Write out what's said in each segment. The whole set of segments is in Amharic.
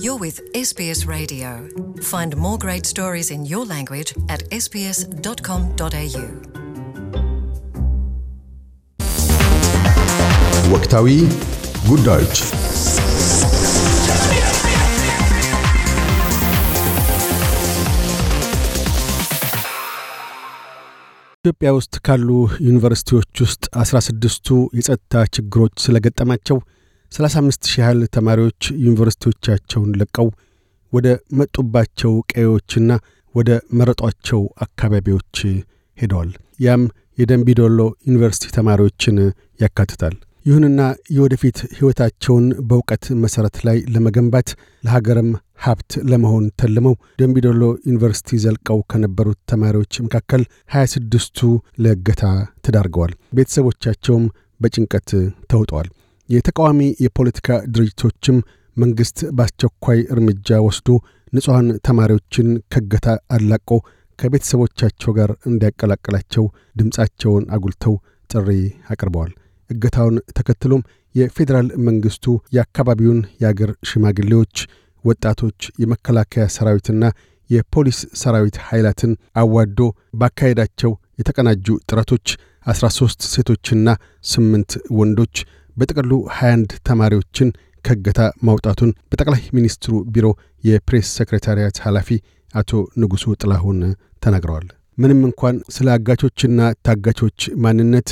You're with SBS Radio. Find more great stories in your language at sbs.com.au. ወቅታዊ ጉዳዮች ኢትዮጵያ ውስጥ ካሉ ዩኒቨርሲቲዎች ውስጥ አስራ ስድስቱ የጸጥታ ችግሮች ስለገጠማቸው 35 ሺህ ያህል ተማሪዎች ዩኒቨርስቲዎቻቸውን ለቀው ወደ መጡባቸው ቀዬዎችና ወደ መረጧቸው አካባቢዎች ሄደዋል። ያም የደንቢዶሎ ዩኒቨርሲቲ ተማሪዎችን ያካትታል። ይሁንና የወደፊት ሕይወታቸውን በእውቀት መሠረት ላይ ለመገንባት ለሀገርም ሀብት ለመሆን ተልመው ደንቢዶሎ ዩኒቨርሲቲ ዘልቀው ከነበሩት ተማሪዎች መካከል ሀያ ስድስቱ ለእገታ ተዳርገዋል። ቤተሰቦቻቸውም በጭንቀት ተውጠዋል። የተቃዋሚ የፖለቲካ ድርጅቶችም መንግሥት በአስቸኳይ እርምጃ ወስዶ ንጹሐን ተማሪዎችን ከገታ አላቆ ከቤተሰቦቻቸው ጋር እንዲያቀላቅላቸው ድምፃቸውን አጉልተው ጥሪ አቅርበዋል። እገታውን ተከትሎም የፌዴራል መንግሥቱ የአካባቢውን የአገር ሽማግሌዎች፣ ወጣቶች፣ የመከላከያ ሰራዊትና የፖሊስ ሰራዊት ኃይላትን አዋዶ ባካሄዳቸው የተቀናጁ ጥረቶች 13 ሴቶችና 8 ወንዶች በጥቅሉ 21 ተማሪዎችን ከገታ ማውጣቱን በጠቅላይ ሚኒስትሩ ቢሮ የፕሬስ ሰክሬታሪያት ኃላፊ አቶ ንጉሱ ጥላሁን ተናግረዋል። ምንም እንኳን ስለ አጋቾችና ታጋቾች ማንነት፣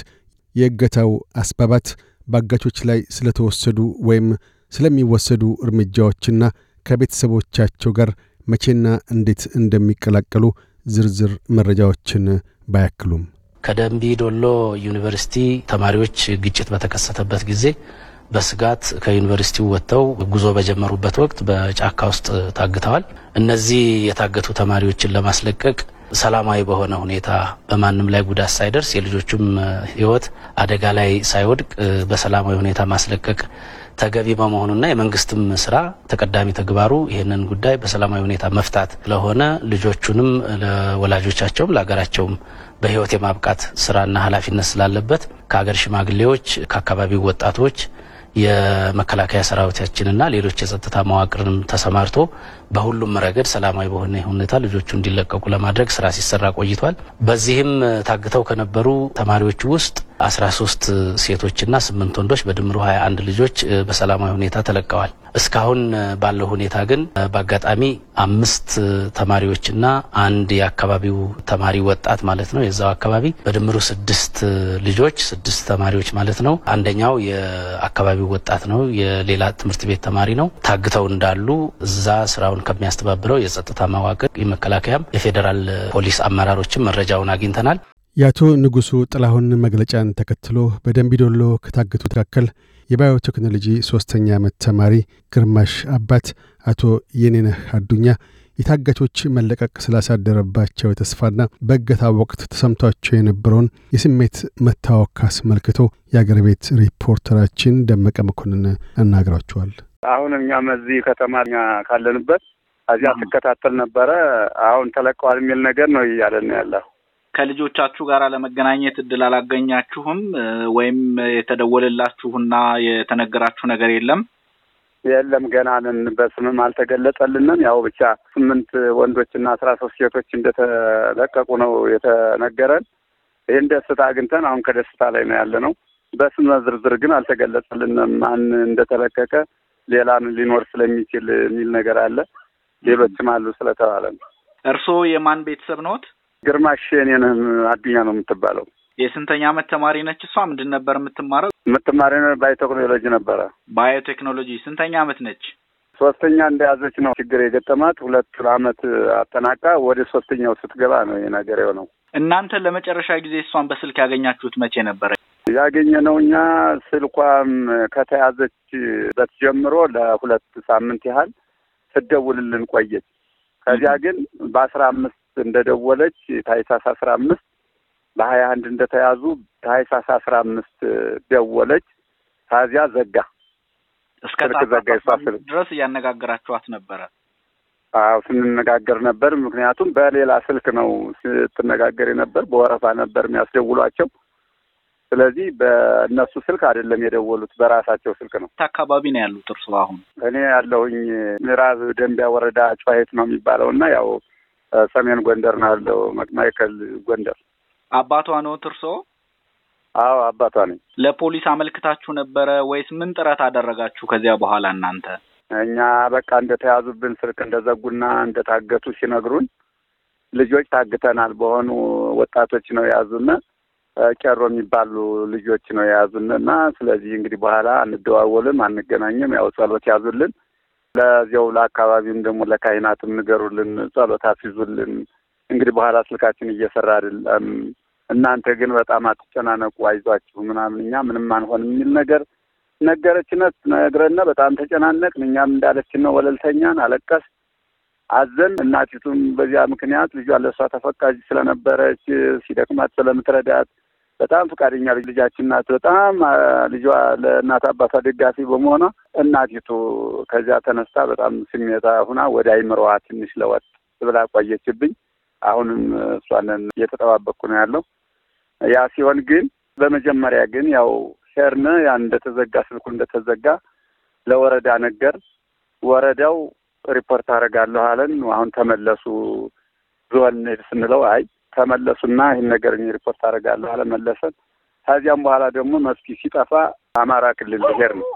የእገታው አስባባት፣ በአጋቾች ላይ ስለተወሰዱ ወይም ስለሚወሰዱ እርምጃዎችና ከቤተሰቦቻቸው ጋር መቼና እንዴት እንደሚቀላቀሉ ዝርዝር መረጃዎችን ባያክሉም ከደንቢ ዶሎ ዩኒቨርሲቲ ተማሪዎች ግጭት በተከሰተበት ጊዜ በስጋት ከዩኒቨርሲቲው ወጥተው ጉዞ በጀመሩበት ወቅት በጫካ ውስጥ ታግተዋል። እነዚህ የታገቱ ተማሪዎችን ለማስለቀቅ ሰላማዊ በሆነ ሁኔታ በማንም ላይ ጉዳት ሳይደርስ የልጆቹም ህይወት አደጋ ላይ ሳይወድቅ በሰላማዊ ሁኔታ ማስለቀቅ ተገቢ በመሆኑና የመንግስትም ስራ ተቀዳሚ ተግባሩ ይህንን ጉዳይ በሰላማዊ ሁኔታ መፍታት ስለሆነ ልጆቹንም ለወላጆቻቸውም ለሀገራቸውም በህይወት የማብቃት ስራና ኃላፊነት ስላለበት ከሀገር ሽማግሌዎች፣ ከአካባቢው ወጣቶች የመከላከያ ሰራዊታችንና ሌሎች የጸጥታ መዋቅርንም ተሰማርቶ በሁሉም ረገድ ሰላማዊ በሆነ ሁኔታ ልጆቹ እንዲለቀቁ ለማድረግ ስራ ሲሰራ ቆይቷል። በዚህም ታግተው ከነበሩ ተማሪዎች ውስጥ 13 ሴቶችና 8 ወንዶች በድምሩ 21 ልጆች በሰላማዊ ሁኔታ ተለቀዋል። እስካሁን ባለው ሁኔታ ግን በአጋጣሚ አምስት ተማሪዎችና አንድ የአካባቢው ተማሪ ወጣት ማለት ነው የዛው አካባቢ በድምሩ ስድስት ልጆች ስድስት ተማሪዎች ማለት ነው። አንደኛው የአካባቢው ወጣት ነው፣ የሌላ ትምህርት ቤት ተማሪ ነው። ታግተው እንዳሉ እዛ ስራውን ከሚያስተባብረው የጸጥታ መዋቅር የመከላከያም የፌዴራል ፖሊስ አመራሮችም መረጃውን አግኝተናል። የአቶ ንጉሱ ጥላሁን መግለጫን ተከትሎ በደንቢዶሎ ከታገቱ መካከል የባዮቴክኖሎጂ ሦስተኛ ዓመት ተማሪ ግርማሽ አባት አቶ የኔነህ አዱኛ የታጋቾች መለቀቅ ስላሳደረባቸው የተስፋና በእገታ ወቅት ተሰምቷቸው የነበረውን የስሜት መታወክ አስመልክቶ የአገር ቤት ሪፖርተራችን ደመቀ መኮንን አናግሯቸዋል። አሁን እኛም እዚህ ከተማ እኛ ካለንበት እዚያ ትከታተል ነበረ። አሁን ተለቀዋል የሚል ነገር ነው እያለን ያለው ከልጆቻችሁ ጋር ለመገናኘት እድል አላገኛችሁም ወይም የተደወለላችሁና የተነገራችሁ ነገር የለም? የለም ገና ነን። በስምም አልተገለጸልንም። ያው ብቻ ስምንት ወንዶችና አስራ ሶስት ሴቶች እንደተለቀቁ ነው የተነገረን። ይህን ደስታ አግኝተን አሁን ከደስታ ላይ ነው ያለ ነው። በስም ዝርዝር ግን አልተገለጸልንም። ማን እንደተለቀቀ ሌላን ሊኖር ስለሚችል የሚል ነገር አለ። ሌሎችም አሉ ስለተባለ ነው። እርስዎ የማን ቤተሰብ ነዎት? ግርማሽ እኔንም አዱኛ ነው የምትባለው። የስንተኛ ዓመት ተማሪ ነች እሷ? ምንድን ነበር የምትማረው? የምትማሪ ባዮቴክኖሎጂ ነበረ። ባዮቴክኖሎጂ ስንተኛ ዓመት ነች? ሶስተኛ እንደያዘች ነው ችግር የገጠማት። ሁለት አመት አጠናቃ ወደ ሶስተኛው ስትገባ ነው ይሄ ነገር የሆነው። እናንተ ለመጨረሻ ጊዜ እሷን በስልክ ያገኛችሁት መቼ ነበረ? ነው እኛ ስልኳም ከተያዘችበት ጀምሮ ለሁለት ሳምንት ያህል ስደውልልን ቆየች። ከዚያ ግን በአስራ አምስት እንደደወለች ታህሳስ አስራ አምስት በሀያ አንድ እንደተያዙ ታህሳስ አስራ አምስት ደወለች። ታዚያ ዘጋ እስከ ዘጋ ድረስ እያነጋገራችኋት ነበረ? አዎ ስንነጋገር ነበር። ምክንያቱም በሌላ ስልክ ነው ስትነጋገር ነበር፣ በወረፋ ነበር የሚያስደውሏቸው። ስለዚህ በእነሱ ስልክ አይደለም የደወሉት፣ በራሳቸው ስልክ ነው። አካባቢ ነው ያሉት እርሱ? አሁን እኔ ያለሁኝ ምዕራብ ደንቢያ ወረዳ ጨዋሄት ነው የሚባለው እና ያው ሰሜን ጎንደር ነው ያለው። ማይከል ጎንደር። አባቷ ነዎት እርስዎ? አዎ አባቷ ነኝ። ለፖሊስ አመልክታችሁ ነበረ ወይስ ምን ጥረት አደረጋችሁ? ከዚያ በኋላ እናንተ እኛ በቃ እንደተያዙብን ስልክ እንደዘጉና እንደታገቱ ሲነግሩን ልጆች ታግተናል በሆኑ ወጣቶች ነው የያዙን ቄሮ የሚባሉ ልጆች ነው የያዙን እና ስለዚህ እንግዲህ በኋላ አንደዋወልም፣ አንገናኝም። ያው ጸሎት ያዙልን ለዚያው ለአካባቢውም ደግሞ ለካህናትም ንገሩልን፣ ጸሎት አስይዙልን። እንግዲህ በኋላ ስልካችን እየሰራ አይደለም፣ እናንተ ግን በጣም አትጨናነቁ፣ አይዟችሁ ምናምን እኛ ምንም አንሆን የሚል ነገር ነገረችነት ነግረነ በጣም ተጨናነቅን። እኛም እንዳለችን ነው ወለልተኛን አለቀስ አዘን። እናቲቱም በዚያ ምክንያት ልጇ ለእሷ ተፈቃጅ ስለነበረች ሲደክማት ስለምትረዳት በጣም ፈቃደኛ ልጃችን ናት። በጣም ልጇ ለእናት አባቷ ደጋፊ በመሆኗ እናቲቱ ከዚያ ተነስታ በጣም ስሜታ ሁና ወደ አይምሮዋ ትንሽ ለወጥ ብላ ቆየችብኝ። አሁንም እሷንን እየተጠባበቅኩ ነው ያለው። ያ ሲሆን ግን በመጀመሪያ ግን ያው ሸርን ያ እንደተዘጋ ስልኩ እንደተዘጋ ለወረዳ ነገር ወረዳው ሪፖርት አደርጋለሁ አለን። አሁን ተመለሱ ዞን ስንለው አይ ተመለሱና ይህን ነገር እኔ ሪፖርት አደርጋለሁ አለመለሰን። ከዚያም በኋላ ደግሞ መስኪ ሲጠፋ አማራ ክልል ብሄር ነው።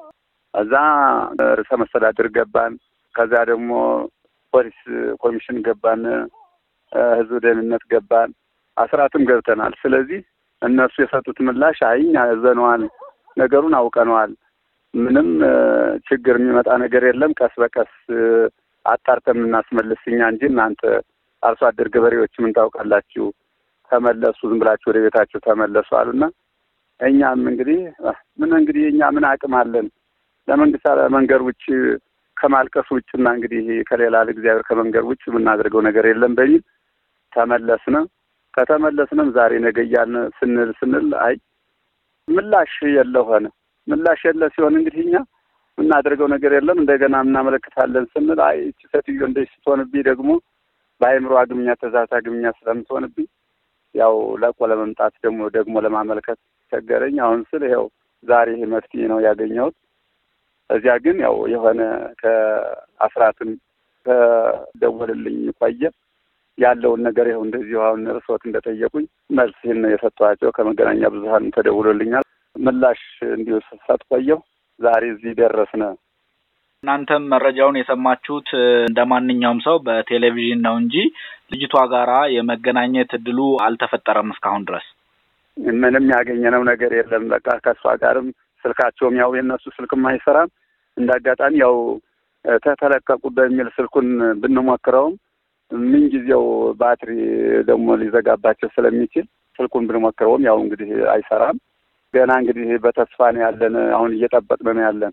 እዛ ርዕሰ መስተዳድር ገባን። ከዛ ደግሞ ፖሊስ ኮሚሽን ገባን። ህዝብ ደህንነት ገባን። አስራትም ገብተናል። ስለዚህ እነሱ የሰጡት ምላሽ አይኝ ያዘነዋል፣ ነገሩን አውቀነዋል፣ ምንም ችግር የሚመጣ ነገር የለም፣ ቀስ በቀስ አጣርተን እናስመልስ እኛ እንጂ እናንተ አርሶ አደር ገበሬዎች ምን ታውቃላችሁ ተመለሱ፣ ዝም ብላችሁ ወደ ቤታችሁ ተመለሱ አሉና እኛም እንግዲህ ምን እንግዲህ እኛ ምን አቅም አለን ለመንግስት መንገድ ውጭ ከማልቀስ ውጭና እንግዲህ ከሌላ ለእግዚአብሔር ከመንገድ ውጭ የምናደርገው ነገር የለም በሚል ተመለስነ። ከተመለስንም ዛሬ ነገ እያልን ስንል ስንል አይ ምላሽ የለ ሆነ። ምላሽ የለ ሲሆን እንግዲህ እኛ የምናደርገው ነገር የለም። እንደገና እናመለክታለን ስንል አይ እቺ ሴትዮ እንደ ስትሆንብኝ ደግሞ በአእምሮ አግምኛ ተዛታ አግምኛ ስለምትሆንብኝ ያው ለቆ ለመምጣት ደግሞ ደግሞ ለማመልከት ቸገረኝ። አሁን ስል ይኸው ዛሬ ይሄ መፍትሄ ነው ያገኘሁት። እዚያ ግን ያው የሆነ ከአስራትም ከደወልልኝ ቆየ ያለውን ነገር ይኸው እንደዚሁ አሁን እርስዎት እንደጠየቁኝ መልስ ይህን ነው የሰጠኋቸው። ከመገናኛ ብዙሀን ተደውሎልኛል ምላሽ እንዲሁ ሰጥ ቆየሁ። ዛሬ እዚህ ደረስነ። እናንተም መረጃውን የሰማችሁት እንደ ማንኛውም ሰው በቴሌቪዥን ነው እንጂ ልጅቷ ጋራ የመገናኘት እድሉ አልተፈጠረም እስካሁን ድረስ ምንም ያገኘነው ነገር የለም። በቃ ከእሷ ጋርም ስልካቸውም ያው የእነሱ ስልክም አይሰራም። እንደ አጋጣሚ ያው ተተለቀቁ በሚል ስልኩን ብንሞክረውም ምንጊዜው ባትሪ ደግሞ ሊዘጋባቸው ስለሚችል ስልኩን ብንሞክረውም ያው እንግዲህ አይሰራም። ገና እንግዲህ በተስፋ ነው ያለን። አሁን እየጠበቅን ነው ያለን።